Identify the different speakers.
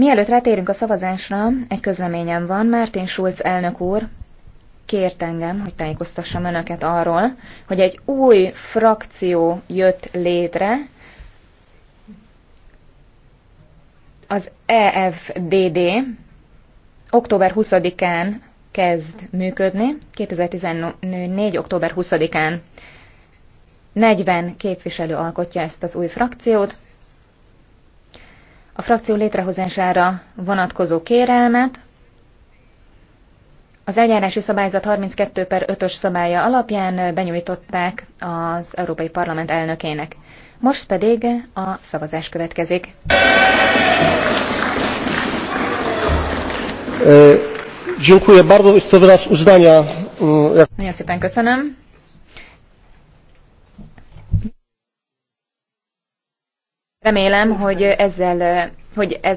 Speaker 1: Mielőtt rátérünk a szavazásra, egy közleményem van. Mártin Schulz elnök úr kért engem, hogy tájékoztassam önöket arról, hogy egy új frakció jött létre, az EFDD október 20-án kezd működni, 2014. október 20-án 40 képviselő alkotja ezt az új frakciót, frakció létrehozására vonatkozó kérelmet. Az eljárási szabályzat 32 per 5-ös szabálya alapján benyújtották az Európai Parlament elnökének. Most pedig a szavazás következik.
Speaker 2: E, dziękuję bardzo. Jest to wyraz uznania.
Speaker 3: Mm, Nagyon szépen köszönöm.
Speaker 4: Remélem, hogy ezzel hogy ez